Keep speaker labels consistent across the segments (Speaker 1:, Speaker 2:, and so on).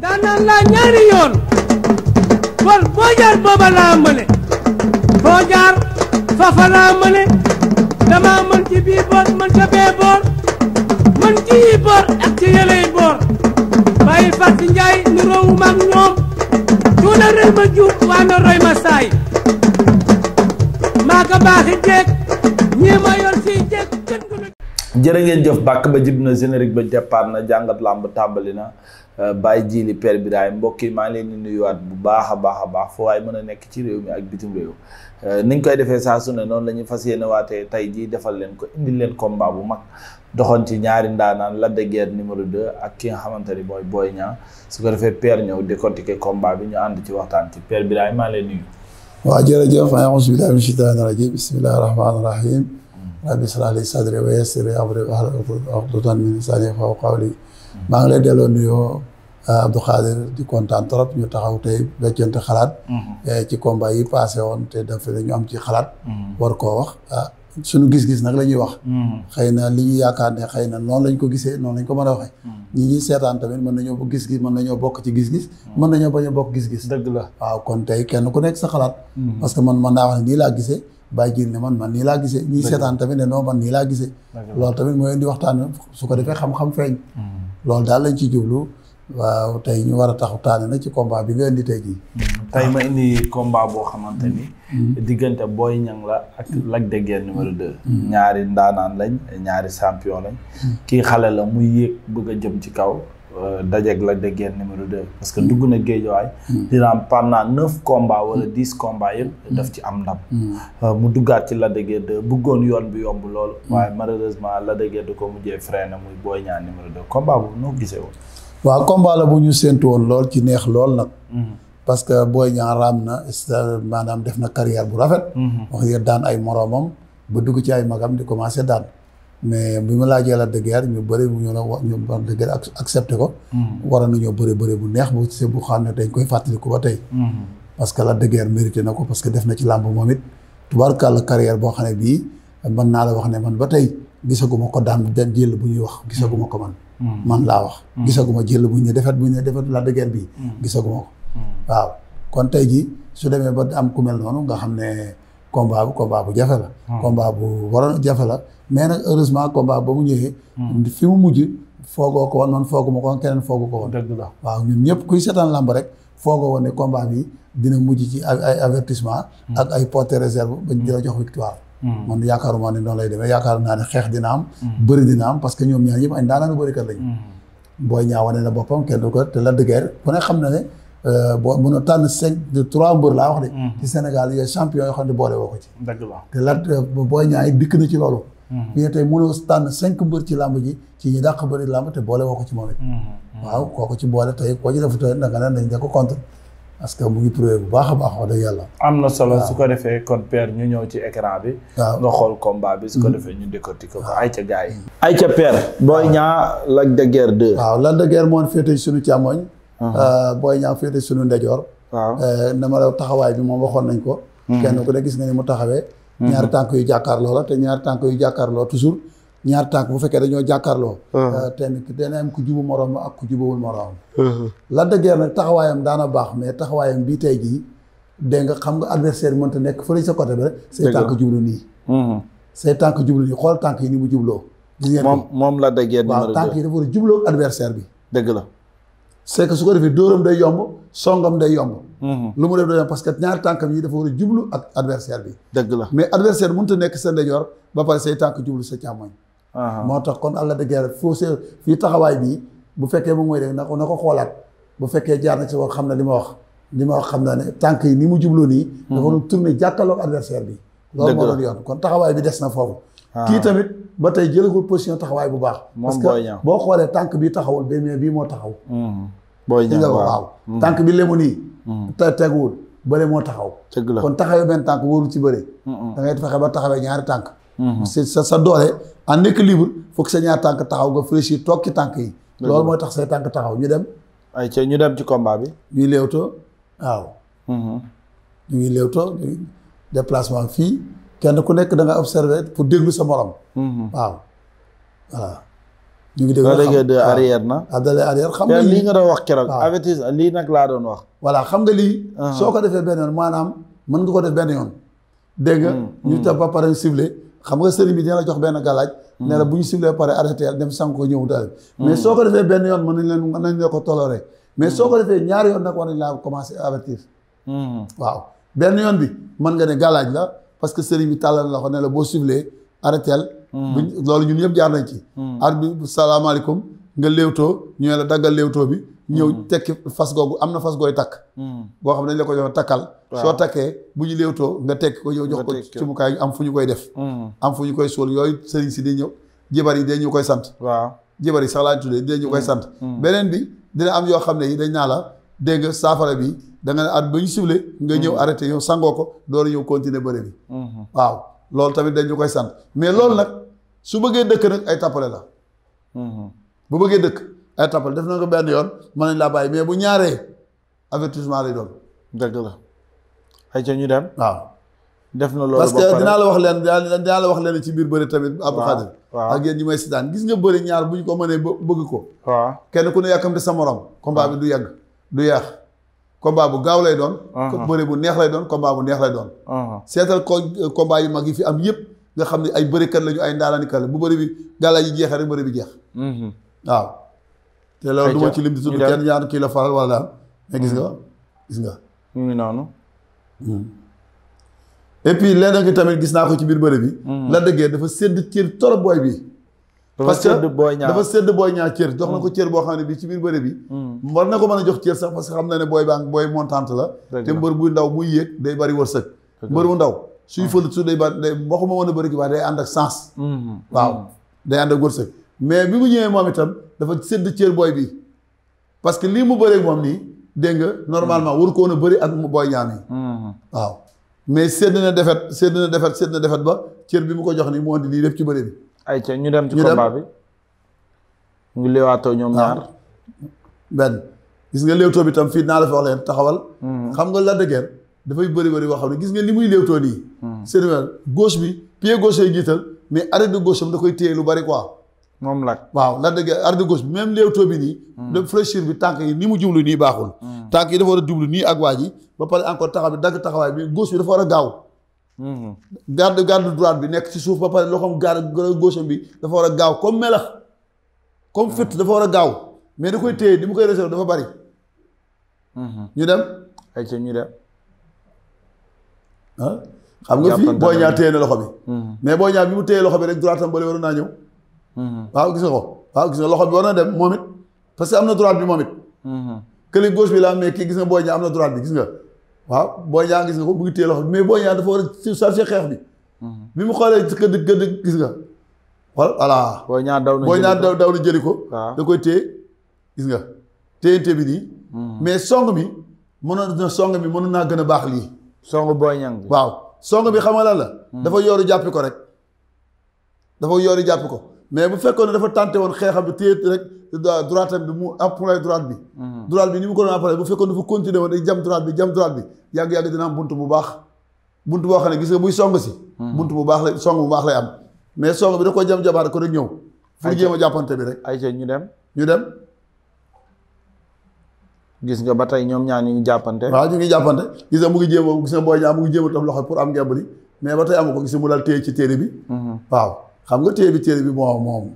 Speaker 1: ndaanaan laa ñaari yoon kon boo jaar booba laa mëne foo jaar fafa laa mëne dama mën ci bii boor mën ca bee boor mën ci yi ak ci yëley boor bàyyi fàtt njaay nu ñoom tuuna rëy ma juub waa na roy ma saay maa ko baaxi jeeg ñii ma yor siy jeeg
Speaker 2: jërë ngeen jëf bàkk ba jib na générique ba jàppaat na jàngat làmb tàmbali na Euh, Baye Jili Père Birahim mbokk yi maa ngi leen di nuyuwaat bu baax a baax a baax foo waaye mën a nekk ci réew mi ak bitim réew euh, niñ koy defee saa su ne noonu la ñuy fas yéene waatee tey jii defal leen ko indil leen komba bu mag doxoon ci ñaari ndaanaan Lac de Guiers numéro 2 ak ki nga xamante ni mooy Boy Niang su ko defee Père ñëw décortiquer combat bi ñu ànd ci waxtaan ci Père Birahim maa ngi leen nuyu. waaw
Speaker 1: jërëjëf a'uuzu billaahi mina shaytaani rajiim bismillaahi rahmaani rahiim rabbi ishrah li sadri wa yassir li amri wahlul uqdatan maa ngi lay delloo nuyoo Euh, Abdou Khadir di kontaan trop ñu taxaw tey weccante xalaat. Mm-hmm. Eh, ci combat yi passé woon te dafa ñu am ci xalaat. Mm-hmm. war koo wax ah suñu gis-gis nag la ñuy wax. Mm-hmm. xëy na li ñu yaakaar ne xëy na noonu lañ ko gisee noonu lañ ko mën a waxee. ñi ñuy seetaan tamit mën nañoo gis-gis mën nañoo bokk ci gis-gis. mën nañoo bañ a bokk gis-gis. dëgg la waaw kon tey kenn ku nekk sa xalaat. parce que man mën naa wax ne laa gisee. bàyyi jiir ne man man nii laa gisee ñii seetaan tamit ne non man nii laa gisee loolu tamit mooy indi waxtaan su ko defee xam-xam feeñ loolu daal lañ ci jublu waaw
Speaker 2: tey ñu war a taxu taane na ci combat bi nga indi tey jii. Mm, tey ma indi combat boo xamante ni. Mm. Mm. diggante booy ñan la ak Lac de Guiers numéro 2. ñaari ndaanaan lañ ñaari champion lañ. kii xale la muy yéeg bëgg a jëm ci kaw. Euh, dajeeg Lac de Guiers numéro 2. parce que dugg na géejuwaay. dina am pendant neuf combats wala dix combats yëpp. daf ci am ndam. Euh, mu duggaat ci Lac de Guiers 2 bëggoon yoon bi yomb lool. waaye malheureusement Lac de Guiers 2 ko mujjee freiné muy booy Niang numéro 2 combat noo gisee woon.
Speaker 1: waaw combat la bu ñu séntu woon lool ci neex lool nag. Mhm. parce que Boy Niang raam na maanaam def na carrière bu rafet. Mhm. wax nga daan ay moroomam ba dugg ci ay magam di commencé daan. mais bi ma laajee la de guerre ñu bëri ñu la ñu wax de guerre accepté ko. Mhm. waroon nañoo bëri bëri bu neex bu see bu xam ne dañ koy fàttaliku ba tey. parce que la de guerre na ko parce que def na ci làmb moom it. tubaarkàlla carrière boo xam ne bii mën naa la wax ne man ba tey gisaguma ko daan jël bu ñuy wax gisaguma ko man. Hmm. man laa wax hmm. gisaguma jël buñ ne defet buñ ne defet la dëgër bi hmm. gisaguma ko waaw kon tey ji su demee ba am ku mel noonu nga xam ne combat bu combat bu jafe la combat bu waroon jafe la mais nag heureusement combat ba mu ñëwee fi mu mujj foogoo ko woon man fooguma ko keneen foogu ko woon la waaw ñun ñëpp kuy seetaan lamb rek foogoo woon ne combat bi dina mujj ci ay avertissement ak ay portée réserve bañ dina jox victoire Hmm. man yaakaaruma ne noonu lay demee yaakaar naa ne xeex dina am hmm. bëri dina am parce que ñoom ñaar yëpp ay ndaanaanu bërikat lañ hmm. booy ñaawane na boppam kenn du ko te la dëgër ku ne xam na ne euh, boo mën a tànn cinq de trois mbër laa wax ci xam ne boole woo ci la te la booy ñaay dikk na ci loolu ñu ne tey mënoo tànn cinq mbër ci làmb ji ci ñi dàq bëri làmb te boole woo ko ci moom it waaw kooku ci boole tey koo ci defu tey da nga ne dañ da ko contre parce que mu ngi prouvé bu baax a baax wax dëgg yàlla.
Speaker 2: am na solo su ko defee kon per ñu ñëw ci écran bi. waaw nga xool combat bi su ko mm-hmm. defee ñu décortiquer ko ay ca gars yi. Mm-hmm. ay ca père. Boy Niang Lac de Guiers 2. waaw
Speaker 1: Lac de Guiers moo féete suñu càmmoñ. Uh-huh. Euh, Boy Niang féete suñu ndejoor. waaw euh, na ma la taxawaay bi moom waxoon nañ ko. Mm-hmm. kenn ko de gis nga ni mu taxawee. ñaar tànk yu jàkkaarloo la te ñaar tànk yu jàkkaarloo toujours. ñaar tànk bu fekkee dañoo jàkkaarloo. Ah. Euh, tamit dana am ku jubu moroom ak ku jubawul moroom. Uh-huh. Lac de Guiers nag taxawaayam daana baax mais taxawaayam bii tey jii dégg nga xam nga adversaire mënta nekk fële sa côté bi rek. say tànk jublu nii. Mm-hmm. say tànk jublu nii xool tànk yi ni mu jubloo.
Speaker 2: gis moom moom Lac de Guiers waaw tànk yi dafa war a bi. dëgg la.
Speaker 1: c'est que su ko defee dóoram day yomb songam day yomb. Mm-hmm. lu mu parce que ñaari tànkam yi dafa war a jublu ak adversaire bi. dëgg la mais adversaire mënta nekk sa ndeyjoor ba pare say tànk jublu sa càmmoñ. Uh-huh. moo tax kon àll de guerre foo see fii taxawaay bii bu fekkee moom mooy rek na ko na ko xoolaat bu fekkee jaar na ci wax xam na li ma wax li ma wax xam naa ne tànk yi ni mu jubloo nii uh-huh. dafa doon tourner jàkkaarloog adversaire bi loolu moo doon kon taxawaay bi des na foofu uh-huh. tamit ba tey jëlagul position taxawaay bu baax parce que boo xoolee tànk bii taxawul benn bii moo taxaw
Speaker 2: mm-hmm. booy ñëw waaw waaw mm-hmm. tànk bi
Speaker 1: lemu nii. Mm-hmm. te teguwul bële moo taxaw. kon taxawee benn tànk wóorul ci bëre. da ngay fexe ba taxawee ñaari tànk. sa sa doole en équilibre foog sa ñaar tànk taxaw nga fléchir toog ci tànk yi. loolu mooy tax say tànk taxaw ñu dem.
Speaker 2: ñu dem ci combat bi.
Speaker 1: ñuy léewtoo waaw. Mm-hmm. ñu ngi léewtoo ñu fii kenn ku nekk da nga observé pour déglu sa morom.
Speaker 2: Mm-hmm. waaw ñu ngi déglu de arrière na. abdoulaye ah, arrière xam nga lii nga doon wax keroog. waaw avertissement lii nag laa doon wax.
Speaker 1: voilà xam nga lii. Uh-huh. soo ko defee benn yoon maanaam mën nga ko def benn yoon. dégg nga. ñu mm-hmm. ta ba pare ciblé. xam nga sëriñ bi dina la jox benn galaaj ne la bu ñu siblee pare arrêté dem sang ko ñëw daal mais soo ko defee benn yoon mën nañ leen mën nañ la ko toléré mais soo ko defee ñaari yoon nag war nañ laa commencé avertir waaw benn yoon bi mën nga ne galaaj la parce que sëriñ bi tàllal la ko ne boo siblee arrêté buñ loolu ñun yëpp jaar nañ ci hmm. ar bi salaamaaleykum nga léewtoo ñu ne la daggal léewtoo bi ñëw mm-hmm. tekki fas googu am na fas gooy takk mm-hmm. boo xam ne dañ la ko jox takkal soo takkee bu ñu léewtoo nga tekk ko ñëw jox ko cumukaay am fu ñu koy def mm-hmm. am fu ñu koy suul yooyu sëriñ si di ñëw jibar yi dañ ñu koy sant waaw jibar yi sax laa tuddee dañ ñu koy sant beneen bi dina am yoo xam ne yi dañ naa la dégg nga saafara bi da nga ne at ba ñu sible nga ñëw arreté yow sangoo ko doo door ñëw continuer bëre bi waaw loolu tamit dañ ñu koy sant mais loolu nag su bëggee dëkk nag ay tappale la bu bëggee dëkk ay tappal def nañ ko benn yoon mën nañ laa bàyyi mais bu ñaaree avertissement lay doon. dëgg la. ay ca ñu dem. waaw.
Speaker 2: def na loolu parce que dinaa wax
Speaker 1: leen dinaa la wax leen ci biir bëri tamit. Abdou Khadir ak yéen ñi may gis nga bëri ñaar bu ñu ko mënee bëgg ko. waaw kenn ku ne yàkkamte sa morom. combat bi du yàgg du yàq. combat bu gaaw lay doon. Uh-huh. bëri bu neex lay doon combat bu neex lay doon. Uh-huh. seetal ko euh, combat yu mag yi fi am yëpp nga xam ne ay bërikat lañu ay ndaalaanikat la bu bëri bi gala yi jeexee rek bëri bi jeex. Mm-hmm. waaw. te loolu du ci lim di tudd kenn ñaar kii la faral wala daal mais gis nga hmm. gis nga. mu noonu. Hmm. et puis leneen tamit gis naa ko ci biir bëre bi. Hmm. la dëggee dafa sedd cër trop booy bi. parce que dafa sedd booy ñaar cër jox na ko cër boo xam ne bi ci biir bëre bi. war na ko mën a jox cër xam na ne booy baa booy montante la. te mbër buy ndaw muy yéeg day bari wërsëg. mbër ndaw suy fël su day bari day waxuma woon a bëri ki waaye ànd ak sens. waaw day ànd ak wërsëg mais bi mu ñëwee moom itam dafa sédd cër booy bi parce que lii mu bëreeg moom nii dégg nga normalement waru ko woon a bëri ak mu booy ñaan yi hmm. waaw mais sedd na defet sédd na defet sedd na defet ba cër bi mu ko jox nii mu andi lii def ci bëri bi. ay ca ñu dem ci combat bi
Speaker 2: ñu leewaatoo ñoom ñaar. benn gis
Speaker 1: nga leewtoo bi tam fii naa la fi leen taxawal. Hmm. xam nga la dëgër dafay bëri bëri boo xam ne gis nga li muy leewtoo nii. Hmm. seen wàll gauche bi pied gauche lay mais arrêt de gauche am da koy téye lu bari quoi. moom lak waaw la dëgg arde gauche bi même léewtoo bi nii hmm. de fléchir bi tànk yi ni mu jublu nii baaxul hmm. tànk yi dafa war a jublu nii ak waa ji ba pare encore taxaw bi dagg taxawaay bi gos bi dafa war a gaaw hmm. garde garde droite bi nekk ci suuf ba pare loxoom garde gauche bi dafa war a gaaw comme melax comme fit dafa war a gaaw mais da koy téye di mu koy réserve dafa bari ñu dem ay ca ñu dem xam nga fii booy ñaar téye na loxo bi mais booy ñaar bi mu téye loxo bi rek droite am bële naa ñëw Mm-hmm. waaw gis nga ko waaw gis nga loxo bi war na dem moom it parce que am na droite bi moom it mm-hmm. kële gauche bi la mais kii gis nga Boy Niang am na droite bi gis nga waaw Boy Niang gis nga ko mu ngi téye loxo bi mais Boy Niang dafa war a xeex bi mm-hmm. bi mu xoolee gëdd gëdd gis nga voilà Boy Niang daw na Boy Niang daw daw na jëli ko da koy téye gis nga téyante bi nii mais song bi mënoon na song bi mënoon naa gën a baax lii song Boy Niang bi waaw song bi xam nga lan la dafa yooru jàppi ko rek dafa yooru jàppi ko mais bu fekkoon ne dafa tenté woon xeexam bi téye rek droite am bi mu appuyer droite bi. Mhm. droite bi ni mu ko doon appuyer bu fekkoon dafa continuer woon di jam droite bi jam droite bi yàgg yàgg dina am buntu bu baax bunt boo xam ne gis nga buy song si. Mhm. bunt bu baax la song bu baax lay am mais song bi da ko jam jabaar ko rek ñëw. fu jéem a jàppante bi rek. ay ayca ñu dem ñu dem.
Speaker 2: gis nga ba tey ñoom ñaan ñu ngi jàppante. waaw ñu ngi jàppante
Speaker 1: gis nga mu ngi jéem a gis nga booy ñaar a loxo pour am ngembali mais ba tey amu ko ci téere bi. Mhm. waaw. xam nga téye bi téye bi moom moom.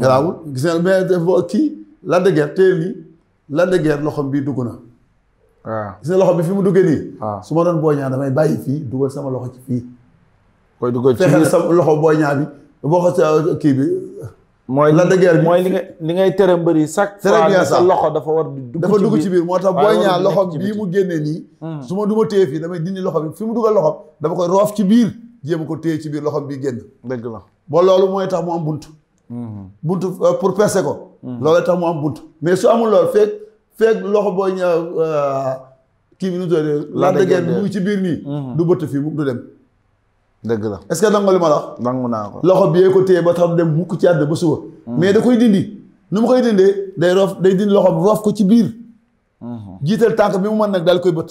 Speaker 1: garaawul gis nga mais dafa kii Lac de Guiers téye lii Lac de Guiers bii dugg na. waaw ah. gis nga loxo bi fi mu duggee nii. Ah. su ma doon Boy Niang damay bàyyi fii dugal sama
Speaker 2: loxo ci fii. koy dugal ci loxo
Speaker 1: Boy Niang bi boo ko sa kii bi. mooy Lac de mooy li nga
Speaker 2: li ngay tere mbëri chaque fois sa loxo dafa war dugg dafa dugg ci biir moo tax Boy Niang loxo bii
Speaker 1: mu génnee nii. Hmm. su ma du ma téye fii damay dindi loxo bi fi mu dugga loxo dafa koy roof ci biir. jéem ko téye ci biir loxom bi génn. dëgg la loolu mooy tax mu am bunt. Mm-hmm. bunt euh, pour percer ko. Mm-hmm. loolu tax mu am bunt. mais su amul lool feeg feeg loxo booy ñëw euh, kii bi nu tuddee. la dëgg mu ci biir nii. Mm-hmm. du bëtt fii mu du dem. dëgg la est-ce que nangu li ma la. nangu naa ko loxo bi ko téye ba tax du dem mukk ci àdd ba suba. mais da koy dindi nu mu koy dindee day roof day dindi loxo roof ko ci biir. jiital tànk bi mu mën nag daal koy bëtt.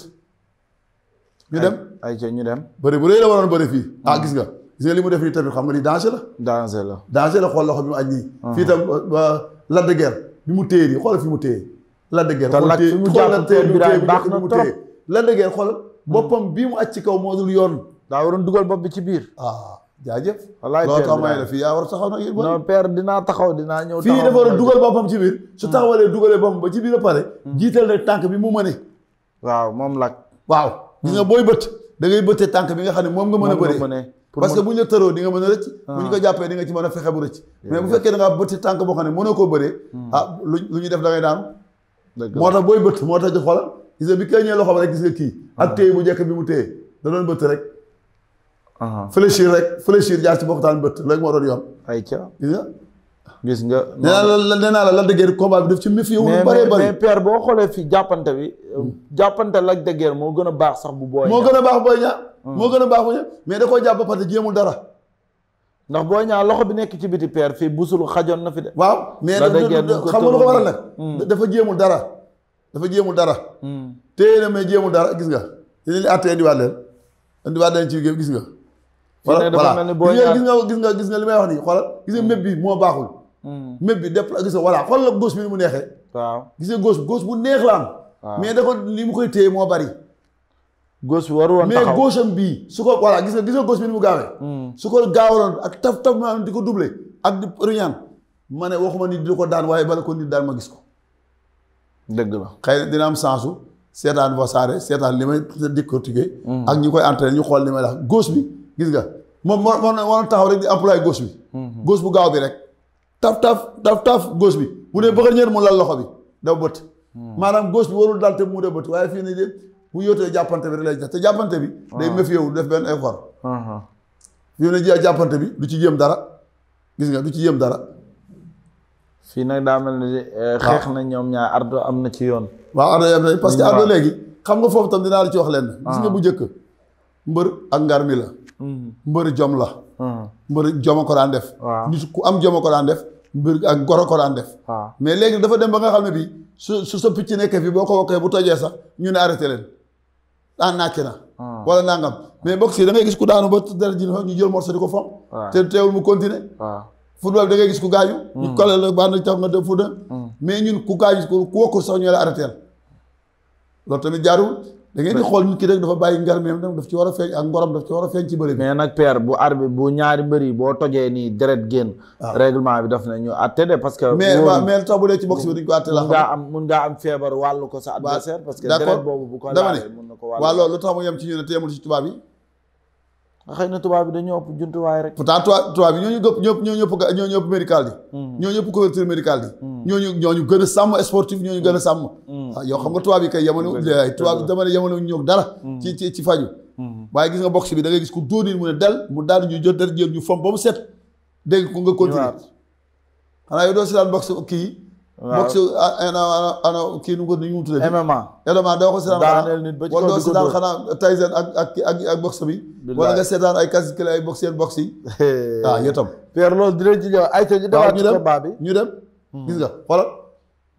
Speaker 1: ñu eh, dem. ay ca ñu dem bëri bu rëy la waroon bëri fii ah gis nga gis nga li mu def nii tamit xam nga ni danger la danger la danger la xool loxo bi mu aj nii ah. fii tam Lac de Guiers bi mu téye nii xoolal fi mu téye Lac de Guiers Lac de Guiers xoolal boppam bii mu aj ci kaw moo dul yoon daa waroon dugal bopp bi ci biir ah jaajëf wallaay loolu tax may fii yaa war a taxaw nag yéen non père dinaa
Speaker 2: taxaw dinaa ñëw fii dafa war dugal
Speaker 1: boppam ci biir su hmm. taxawalee dugalee boppam ba ci biir a pare hmm. jiital rek tànk bi mu ma mëne waaw moom la waaw da ngay bëtte tànk bi nga xam ne moom nga mën a bëree parce que bu ñu la tëroo di mën a rëcc ah. bu ñu ko jàppee di ci mën a fexe bu rëcc mais bu fekkee da ngaa bëtte tànk boo xam ne mënoo koo bëree hmm. ah lu lu ñuy def da ngay daanu moo tax booy bëtt moo tax ci gis nga bi kay ñee loxo ba rek gis nga kii ah. ak téye bu njëkk bi mu téye da doon bëtt rek ah. fléchir rek fléchir jaar ci bokk bëtt léegi moo doon yoon ay ca gis nga. loolu nee naa la Lac de Guiers combat bi daf ci méfie wu. lu bëree bëri mais père boo xoolee fii jàppante bi. Hmm. jàppante Lac de moo gën a baax sax bu booy. moo gën a baax booy ña. Hmm. moo gën a baax booy ña mais da koo jàpp dara. ndax booy ñaa loxo bi nekk ci biti père fii busulu xajoon na fi de. waaw mais xam nga lu ko waral nag. Hmm. dafa jéemul dara. dafa jéemul dara. na mais jéemul dara gis nga. li ñu àttee indiwaat leen indiwaat leen ci gis nga.
Speaker 2: voilà gis
Speaker 1: nga gis nga gis nga li may wax nii xoolal gis bi moo baaxul méb hmm. bi def gis nga voilà xool la gauche bi ni mu neexee. waaw gis nga bu neex la mais da ko li mu koy téye moo bari. gauche bi waru woon taxaw mais gauche su ko voilà gis gis nga gauche bi ni mu gaawee. Hmm. ak taf taf maanaam di ko doublé ak di riñaan ma ne waxuma ni di ko daan waaye bala ko ma gis ko. dëgg xëy na dina am sensu seetaan Wassare seetaan li may décortiquer. Hmm. ak ñi koy ñu xool li may wax gauche bi gis nga moo moo taxaw rek di employé gauche bi. gauche bu gaaw bi rek. taf taf taf taf gauche bi bu dee bëgg a ñëw mu lal loxo bi daw bëtt. Hmm. maanaam gauche bi warul daal te mu dee bëtt waaye fii nii de bu jàppante bi rek lay jox te bi. day ah. méf yow def benn effort. Uh-huh. fii nii jii jàppante bi du ci jëm dara gis nga du ci jéem
Speaker 2: dara. fii nag daa mel na ni eh, xeex na ñoom ñaar ardo am na ci yoon. waaw ardo am na parce que ardo léegi
Speaker 1: xam nga foofu tam dinaa di ci wax leen. gis nga ah. bu jëkk mbër ak ngar la. Hmm. mbër jom la. mbër jomo ko daan def nit ku am joma ko daan def mbir ak ngoro ko daan def mais léegi dafa dem ba nga xam ne bii su su sa picc nekkee fi boo ko wokkee bu tojee sax ñu ne arrêté leen ah nàkki na ah. wala nangam mais bokk yi da ngay gis ku daanu ba dara ji ñu jël morceau di ko fom te teewul mu continuer football da ngay gis ku gaañu hmm. ñu la baa na tax nga hmm. mais ñun ku gaañu ku wokku sax ñu arrêté loolu tamit jaarul da ngeen di xool nit ki rek dafa bàyyi ngarmeem dem daf ci war a feeñ ak ngorom daf a
Speaker 2: feeñ ci bëri bi mais nag père bu ne ah. ñu
Speaker 1: ko atte la xam nga am feebar wàllu ko sa adversaire parce que deret boobu bu ko laalee mun wàll lu tax mu yem ci ñu ne te ci tubaab yi xay na tubaab bi dañoo ëpp jumtuwaay rek pourtant tubaab tubaab bi ñooñu gëpp ñëpp ñoo ñëpp ñoo ñëpp médical yi hmm. ñoo ñëpp couverture médicale yi hmm. ñooñu ñooñu gën a sàmm sportif ñooñu gën a sàmm waaw hmm. ah, yow xam nga tubaab yi kay yemale tubaab bi dama ne yemale ñoo dara ci ci ci faju waaye gis nga boxe bi da ngay gis ku dóor mu ne del mu daal ñu jot dara jël ñu fom ba mu set dégg ko nga continuer xanaa yow doo si daan boxe kii boxe ana ah, eh, ana kii ko nu ñu tuddee MMA MMA doo ko seetaan daaneel nit ba ci wala doo seetaan xanaa Tyson ak ak ak ak boxe bi wala nga seetaan ay kasi kile ay boxe yeen boxe yi ah, waaw yow tam ay ta ñu defaat ci combat ñu dem hmm. gis nga wala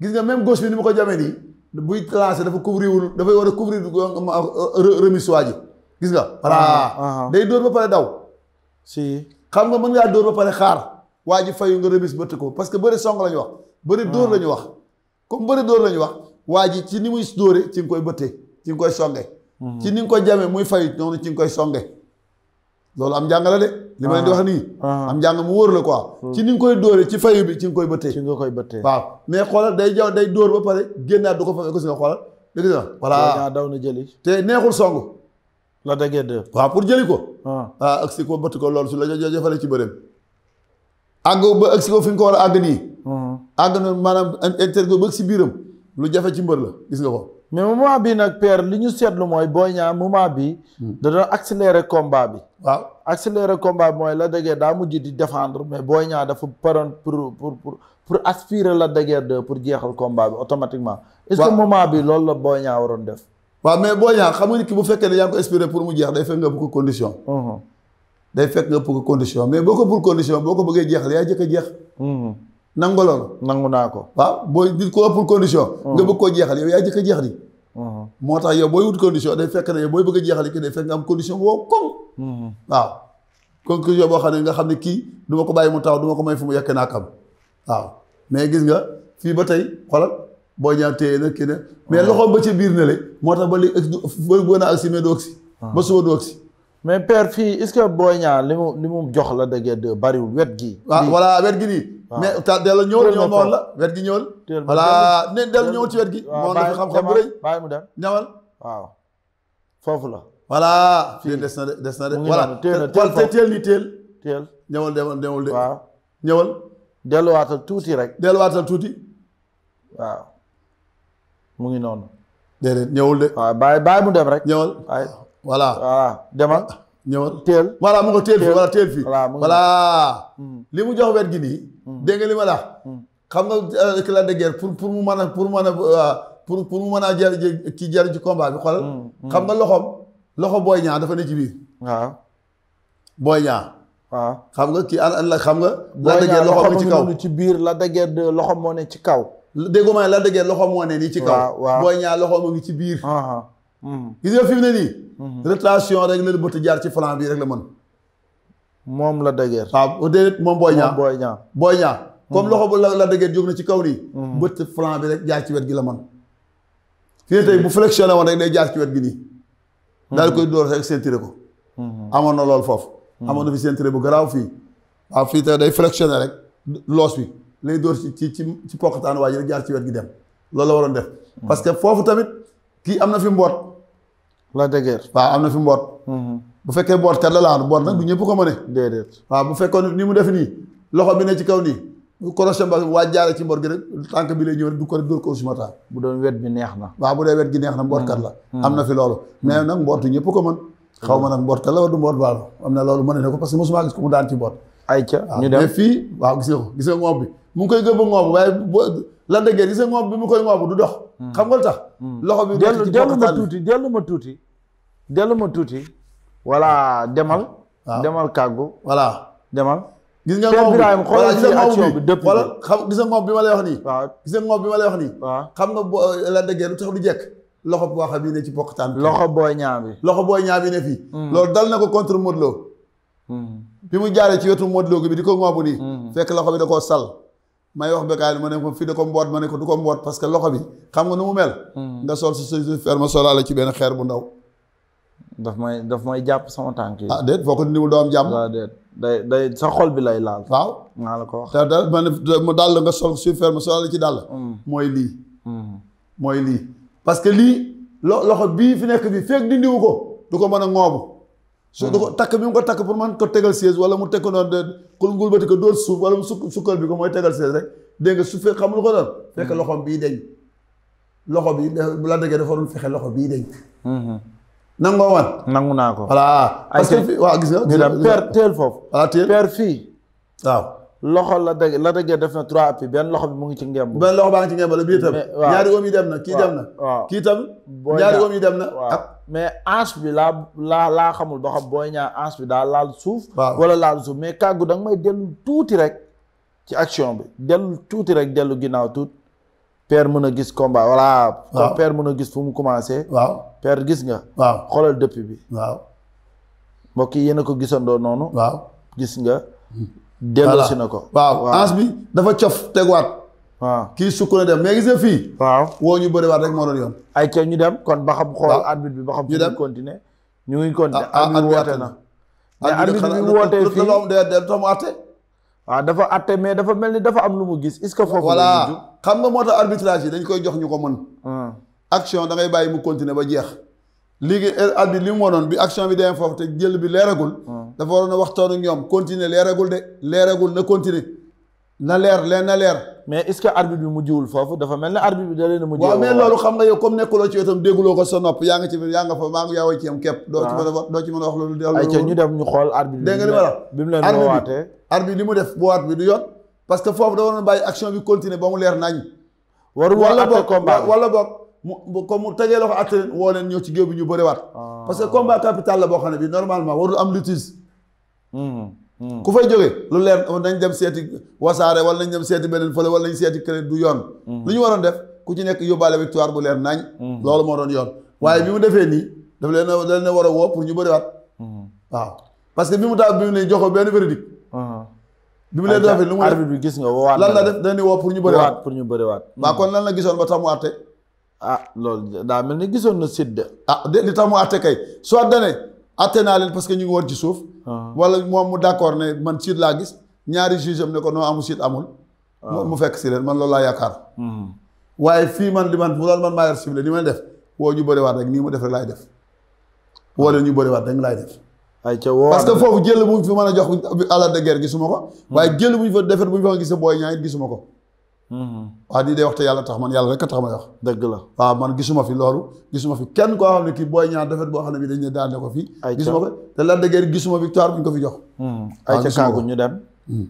Speaker 1: gis nga même gauche bi ni ma ko jamee nii buy lancé dafa couvrir wul dafay war a couvrir euh, remise waa ji gis nga voilà ah, day dóor ba pare daw si xam nga mën ngaa dóor ba pare xaar waa ji fayu nga remise bëtt ko parce que bëri song la wax bëri dóor ah. la ñu wax comme bëri dóor la ñu wax waa ji ci ni muy dóore ci nga koy bëttee ci nga koy songe hmm. ci ni nga koy jamee muy fay noonu ci nga koy songe loolu am njàng la de li ma leen ah. nii ah. am njàng mu wóor la quoi hmm. ci ni nga koy dóore ci fayu bi ci nga koy bëttee koy bëttee waaw mais xoolal day jaw day dóor ba pare génnaat du ko fa gis nga xoolal da gis nga voilà daw na jëli te neexul song
Speaker 2: la dëgg de waaw pour jëli ko
Speaker 1: ah ak si ko bëtt ko loolu su la jëfale ci bërëm àggo ba ëgg si ko fi nga ko war a àgg nii. Uh-huh. àgg na maanaam intergo ba ëgg si biiram lu jafe ci mbër la gis nga ko.
Speaker 2: mais moment bi nag père li ñu seet lu mooy Boy Niang moment bi hmm. da doon accélérer combat bi. waaw accélérer combat bi mooy la de Guiers daa mujj di défendre mais Boy Niang dafa paroon pour pour pour pour aspirer Lac de Guiers pour jeexal combat bi automatiquement. est que moment bi loolu
Speaker 1: la Boy Niang waroon def. waaw mais Boy Niang xam nga ni ki bu fekkee ne yaa ngi ko aspirer pour mu jeex day day fekk nga pour condition mais boo ko pour condition boo ko bëggee jeexal yaa jëkk a jeex. Mm-hmm. nangu loolu. nangu naa ko. waaw boo nit ko pour condition. Mm-hmm. nga bëgg koo jeexal yow yaa jëkk a jeex di. Mm-hmm. moo tax yow booy wut condition day fekk ne yow booy bëgg a jeexal ki day fekk nga am condition woo koŋ. boo xam ne nga xam ne kii du ko bàyyi mu taw du ko may fu mu yàq naa kam waaw mais gis nga fii ba tey xoolal boo ñaaw téye nag kii ne. mais loxoom ba ci biir ne le moo tax ba léegi ëgg du ba gën agsi mais du agsi ah. ba suba du agsi mais per fii est-ce que Boy Niang li mu li mu jox la dëgg bariwul wet gi. waaw ah, voilà wet gi nii. ta delloo ñëwal ñëw moon la wet gi ñëwal. teel voilà ne del ci wet gi. waaw bàyyi xam mu dem ñawal. waaw foofu la. voilà. fii des na de des na de. te teel ni teel. teel ñëwal demal demal de. waaw ñëwal. delluwaatal tuuti rek. delluwaatal tuuti. mu ngi noonu. déedéet ñëwul de. waaw bàyyi bàyyi mu dem rek. ñëwal. voilà voilà demal eh, ñëwal teel voilà mu ko teel fii voilà teel fii voilà hmm. li mu jox wet gi nii hmm. dégg nga ma la hmm. xam nga ki euh, la de pour pour mu mën a pour mën a euh, pour pour mu mën a jar ci jar ci combat bi xoolal xam nga loxoom loxo booy ñaa dafa ne ci biir waaw booy ñaa xam nga kii an la xam nga la de guerre loxo mu ci kaw ci biir la de guerre loxo moo ne ci kaw déggoo ma la de loxo moo ne nii ci kaw booy ñaa loxo mu ngi ci biir Mm-hmm. gis nga fi mu ne nii. Mm-hmm. rotation rek la jaar ci flanc bi rek mën. moom la dëgër. waaw ah, déedéet moom booy ñaa booy ñaa booy ñaa comme mm-hmm. loxo bu la la dëgër jóg na ci kaw nii. bëtt flanc bi rek jaar ci wet gi la mën. fi ne tey bu flexionné woon rek day jaar ci wet gi nii. daal koy door rek ceinturé ko. amoon na loolu foofu. amoon na fi bu garaaw fii. waaw fii te day flexionné rek loos bi lay door ci ci ci ci pokkataan waa ji rek jaar ci wet gi dem loolu la waroon def. parce foofu tamit. kii am na fi mboot. la dëgër waaw am na fi mboot. Mm-hmm. bu fekkee mboot kat la la mboot nag du ñëpp ko mëne. déedéet waaw bu fekkoon ni mu def nii loxo bi ne ci kaw nii. bu korosé ba waa jaare ci mbor gi rek tànk bi bu doon wet bi neex na waaw bu dee wet gi neex na mbootkat la mm-hmm. am na fi loolu mm-hmm. mais nag mbootu ñëpp ko mën xaw ma nag mbootkat la war du mboot baalo am na loolu mën ne ko parce que mosuma gis ko mu daan ci mboot ay ca ñu fii waaw gis nga ko gis nga ngoob bi mu ngi Lac de Guiers gis bi mu koy ngoobu du dox. Hmm. xam nga lu
Speaker 2: hmm. loxo bi dellu dellu ma tuuti
Speaker 1: dellu tuuti. dellu ma tuuti. voilà demal. demal kàggu. voilà demal. gis bi voilà gis nga ngoob bi voilà xam gis bi ma lay wax nii. waaw bi ma wax nii. waaw xam nga boo Lac de Guiers lu tax du jekk. loxo boo xam ne ci pokkataan bi. loxo booy ñaa bi. loxo booy ñaa bi ne fii. Hmm. loolu dal na ko contre Modou Lo. bi mu jaaree ci wetu Modou Lo bi di ko ngoobu nii. fekk loxo bi da koo sal may wax bekaay ma ne ko fii da ko mboot ma ne ko du ko mboot parce loxo bi xam nga nu mu mel. Hmm. nga sol sa sa ferme solaale ci bu ndaw. daf may daf may jàpp sama tànk yi. ah déet foo ko dindiwul doo am jàmm. waaw sa xol bi lay laal. waaw maa la ko wax. da ma ne mu dàll nga sol ci dàll. Hmm. mooy lii. Hmm. mooy lii parce que lii lo loxo bii fi nekk bi fekk dindiwu ko du ko mën a ŋoobu. so da ko hmm. takk bi mu ko takk pour man ko tegal siège wala mu teg ko noonu de kul ngulbati ko dóor suuf wala mu suk sukkal bi ko mooy tegal siège rek dégg su fekk xamul ko doon hmm. fekk loxoom bii deñ loxo bi bu la déggee dafa doon fexe loxo bii deñ hmm. nangoo wan nangu naa ko voilà parce que fii waaw gis nga ñu teel foofu voilà ah, teel teer fii waaw loxo la dëgg la dëgg def na trois appuis benn loxo bi mu ngi ci ngemb. benn loxo baa ngi ci ngemb la bii itam. ñaari oom yi dem na kii dem na. waaw kii
Speaker 2: tam ñaari oom yi dem na. ak mais ange bi laa laa laa xamul ba xam booy ñaar bi daal laal suuf. wala laal suuf mais kàggu danga may dellu tuuti rek. ci action bi dellu tuuti rek dellu ginnaaw tuut. père mën a gis combat voilà. waaw père a gis fu commencé. waaw père gis nga. waaw xoolal dëpp bi. waaw mbokk yi yéen a ko gisandoo noonu. waaw gis nga. Hmm. si na ko waaw ans bi dafa
Speaker 1: cof teguwaat waaw kii sukk na dem mais gis nga fii waaw woo ñu bëri waat rek moo doon yoon ay ca ñu dem kon ba xam xool arbitre bi ba xam ñu dem continuer ñu ngi ah, continuer ah, arbitre woote na
Speaker 2: mais arbitre bi wootee fii am
Speaker 1: de de tax mu atte waaw dafa atte ah, mais dafa mel ni dafa am lu mu gis est-ce que foofu voilà xam nga moo tax arbitrage yi dañ koy jox ñu ko mën action da ngay bàyyi mu continuer ba jeex léegi eh, arbitre li mu woonoon bi action bi demee foofu te jël bi leeragul. Hmm. dafa waroon a waxtaan ak ñoom continuer leeragul de leeragul na continuer na leer
Speaker 2: leen leer. mais est-ce que mu bi mujjiwul foofu dafa mel ne arbitre bi da leen a mujjiwul waaw mais loolu xam
Speaker 1: nga yow comme nekkuloo ci wetam dégguloo ko ah. a doo ci mën a wax loolu. ay ca ñu dem ñu xool arbitre bi. dégg nga li ma la bi mu leen woowaatee arbitre bi def bu waat bi du yoon parce que foofu da waroon a bàyyi action bi continuer ba mu leer nañ. warul wala boog mu comme mu tegee loxo àtte woo leen ñëw ci géew bi ñu bëriwaat. Ah. parce que combat capital la boo xam ne bi normalement warul am litige. Hmm, hmm. ku fay jógee lu leer nañ dem seeti wasaare wala nañ dem seeti beneen fële wala nañ seeti keneen du yoon. Hmm. li ñu waroon def ku ci nekk yóbbaale victoire bu leen nañ. loolu moo doon yoon waaye bi mu defee nii daf leen a leen a war a woo pour ñu bëriwaat. waaw parce que bi mu taal bi mu ne joxo benn verdict. Uh-huh. bi mu leen di defee lu bëriwaat pour ñu bëriwaat. la gisoon ba tax mu ah loolu daa mel ni gisoon na sidd ah de li tax mu àtte kay soit dane àtte naa leen parce que ñu ngi woon ci suuf ah. wala moom mu d'accord ne man siid laa gis ñaari juge ne ko noo amul siid amul ah. mu fekk si leen man loolu laa yaakaar hmm. waaye fii man li man mu loolu man maa yar ciblé li may def woo ñu bëriwaat rek nii mu def rek laay def woo leen ñu bëriwaat rek laay def parce que foofu jël bu ñu fi mën a jox à ger de guerre gisuma ko hmm. waaye jël bu ñu fa defet bu ñu fa gisee booy gisuma ko Mm-hmm. waaw nii de wax te yàlla tax man yàlla rek a tax may wax dëgg la waaw man gisuma fi loolu gisuma fi kenn koo xam ne kii booy ñaar defet boo xam ne bi dañ ne daan ko fi gisuma ko te la dëggeer gisuma
Speaker 2: victoire bu ñu ko jox mm-hmm. ay ca kaagu mm-hmm.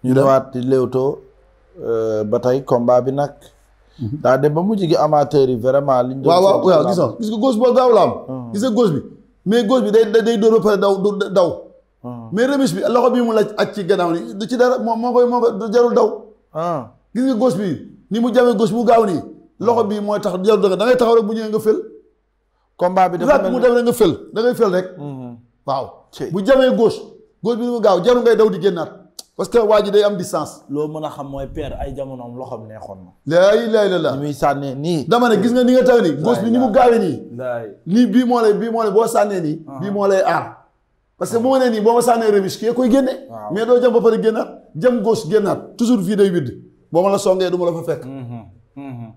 Speaker 2: ñu ñu demaat di euh, ba tey combat bi nag daa dem ba mujj gi amateur yi vraiment liñ doon waaw waaw waaw
Speaker 1: gis boo gaaw la am bi mais gauche bi day day dóor ba pare daw daw mais remise bi loxo bii mu la ak ci gannaaw ni du ci dara moo moo koy moo ko jarul daw Ah. gis nga gos bi ni mu jamee gos mu gaaw nii loxo bi mooy tax jarul dëgg da ngay taxaw rek bu ñëwee nga fël. combat bi dafa mel mu dem nga fël da ngay fël rek. Mm-hmm. waaw bu jamee gos gos bi gaaw jarul ngay daw di génnaat parce que waa ji day am sance
Speaker 2: loo mën a xam mooy père ay jamonoom loxoom neexoon na.
Speaker 1: laa ilaaha illallaah. muy sànnee nii. dama ne gis nga ni nga taw nii gos bi ni mu gaawee nii. nii bii moo lay bii moo lay boo sànnee nii. Ah. bii moo lay aar. parce que bu ma nee nii boo ma sànnee remise kii koy génne. mais doo jam ba pare génnaat jëm gauche génnaat toujours fii day widd boo ma la songee du ma la fa fekk.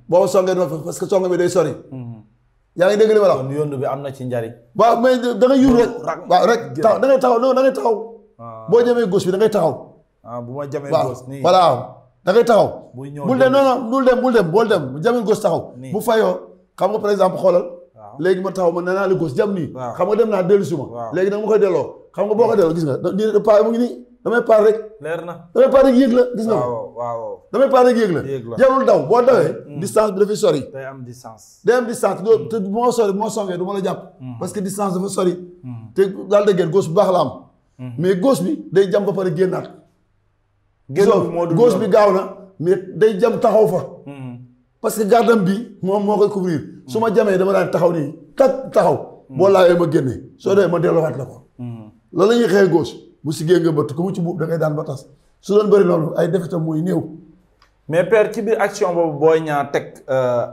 Speaker 1: boo ma songee du ma fa parce bi day sori. yaa ngi dégg li ma la wax. yoon na ci njariñ. waaw mais da ngay rek. waaw rek taxaw da ngay taxaw non da ngay taxaw. Ah. boo jëmee gos bi da ngay taxaw.
Speaker 2: Ah, bu ma jëmee gauche nii voilà da ngay taxaw. bul dem
Speaker 1: non non bul dem bul dem bul dem bu jëmee gauche taxaw. bu fayoo xam nga par exemple xoolal. léegi ma taxaw ma nee naa la gauche jam nii. xam nga dem naa dellu si ma. léegi nag ma koy delloo. xam nga boo ko delloo gis nga paa mu ngi nii damay paar rek.
Speaker 2: leer na damay paar rek la gis nga. waaw waaw
Speaker 1: damay paar rek yéeg la. jarul daw boo dawee. Mm. Mm. distance bi dafay sori. distance. day am distance te bu ma sori bu ma songee jàpp. Mm. parce que distance dafa sori. te daal de gën gauche bu baax la am. mais gauche bi day jam ba pare génnaat. génn moo gauche bi gaaw na mais day jam taxaw fa. parce que gardam bi moom moo koy couvrir. su ma jamee dama daan taxaw nii kat taxaw. boo laajee ma génne soo dee ma delloowaat la ko. loolu la ñuy xëyee gauche. bu si nga bëtt ku mu ci buub da ngay daan ba tas su doon bëri loolu ay defetam muy
Speaker 2: néew. mais père ci biir action boobu booy ñaar teg euh,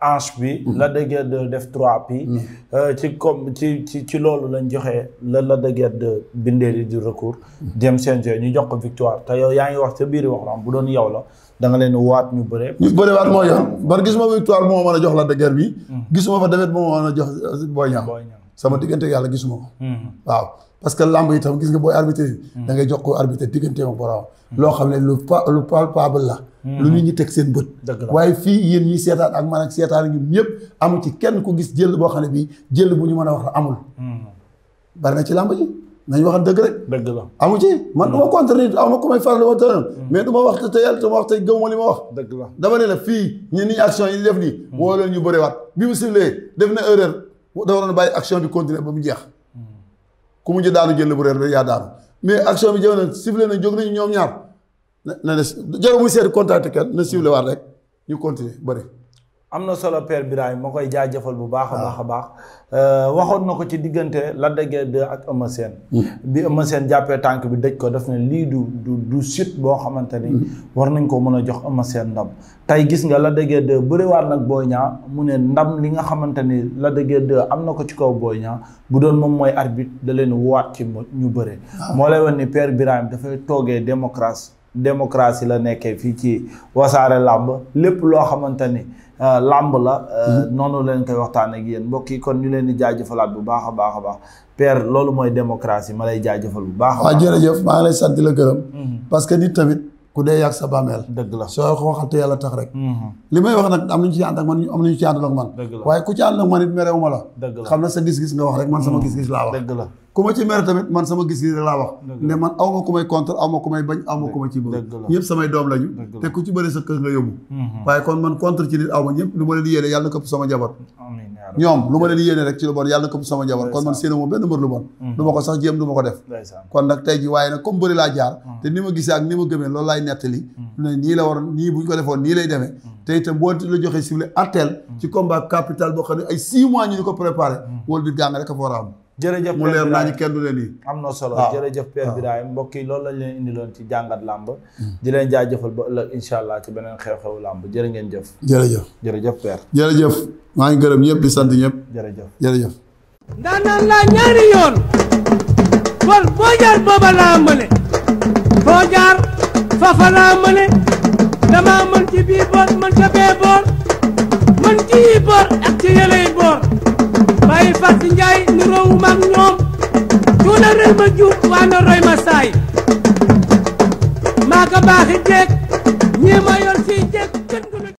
Speaker 2: hanche bi. Mm-hmm. la dëgër de def trois pi. Mm-hmm. Euh, ci comme ci ci ci loolu lañ joxe la la dëgër de bindee di recours. Mm-hmm. dem seen ñu jox ko victoire te yow yaa ngi wax sa biir wax bu doon yow la da nga leen waat ñu bëree. ñu bëree waat moo yoon bar gisuma victoire bu ma mën a jox la dëgër bi.
Speaker 1: gisuma fa defet bu ma mën a jox booy ñaar. sama diggante yàlla gisuma ko. parce que làmb yi tam gis nga booy arbitre hmm. da ngay jox ko arbitre digganteem ak borom loo xam ne lu lu palpable la hmm. lu nit ñi teg seen bët waaye fii yéen ñi seetaan ak man ak seetaan ñun ñëpp amu ci kenn ku gis jël boo xam ne bii jël bu ñu mën a wax la amul hmm. bari na ci lamb ji nañ waxan dëgg rek dëgg la amu ci man du ma contre nit aw ma ko may faral ma tëram mais du ma wax te yàlla te ma wax tey gëw ma li ma wax dëgg la dama ne fii ñun niñu action yi def nii woo leen ñu bëriwaat bi mu siflee def na erreur da waroon bàyyi action bi continuer ba mu jeex ku mujj daanu jël bu reer bi yaa daanu mais action bi jëm na sifflé na jóg nañu ñoom ñaar na na jarul muy seet contacté kenn na sifflé waat rek ñu continuer bëri.
Speaker 2: am na solo Père Birahim moo koy jëfal bu baax a ah. baax a baax euh, waxoon na ko ci diggante la de Guiers ak Eumeu hmm. bi Eumeu jàppee tànk bi dëj ko daf na lii du du du sut boo xamante ni hmm. war nañ ko mën a jox Eumeu Sène ndam tey gis nga la de Guiers 2 bëriwaat nag Boy ñaa mu ne ndam li nga xamante ni Lac de am na ko ci kaw Boy Niang bu doon moom mooy arbitre da leen waat ci ñu bëre ah. moo lay wan ni Père Birahim dafay toogee démocratie démocratie la nekkee fii ci Wassare Lamb lépp loo xamante ni Euh, làmb la euh, mhm. noonu leen koy waxtaan ak yéen mbokk yi kon ñu leen di jaajëfalaat bu baax a baax a baax père loolu mooy démocratie ma lay jaajëfal bu baax a baax waaw jërëjëf maa ngi
Speaker 1: lay sant la gërëm mhm. parce que nit tamit ku dee yàgg sa bàmmeel dëgg la soo ko waxal te yàlla tax rek mhm. li may wax nag am nañu ci ànd ak man am nañu ci ànd ak man waaye ku ci ànd ak ma la dëgg la xam na sa gis-gis nga wax rek man sama gis-gis laa wax la ku mhm. kon man contre moom benn mbër lu bon mhm. du ko sax jéem du ko def kon nag tey waaye nag comme bëri laa jaar mhm. te ni ma gisee ak ni ma gëmee loolu laay nettali nii la ko defoon nii lay demee te itam boo la joxee ciblé artel ci combat capital boo xam ne ay six mois ñu ni ko préparé wala du gàng rek a fa a am jërëjëf mu leer naa ñu kenn du leen
Speaker 2: am na solo jërëjëf Père Birahim mbokk yi loolu lañ leen indiloon ci jàngat làmb mm. di leen jaajëfal ba ëllëg incha allah ci beneen xew-xewu làmb jërë ngeen jëf jërëjëf jërëjëf Père jërëjëf
Speaker 1: maa ngi gërëm ñëpp di sant ñëpp jërëjëf jërëjëf
Speaker 2: ndaanaan laa ñaari yoon
Speaker 1: kon boo jaar booba laa mëne boo jaar fafa laa mëne dama mën ci bii boor mën ca bee boor mën ci yi boor ak ci yëley boor bàyyi fas njaay nu roowu mag ñoom cuuna a
Speaker 2: ma juut waa na roy maa ko baaxi ñii ma yor fii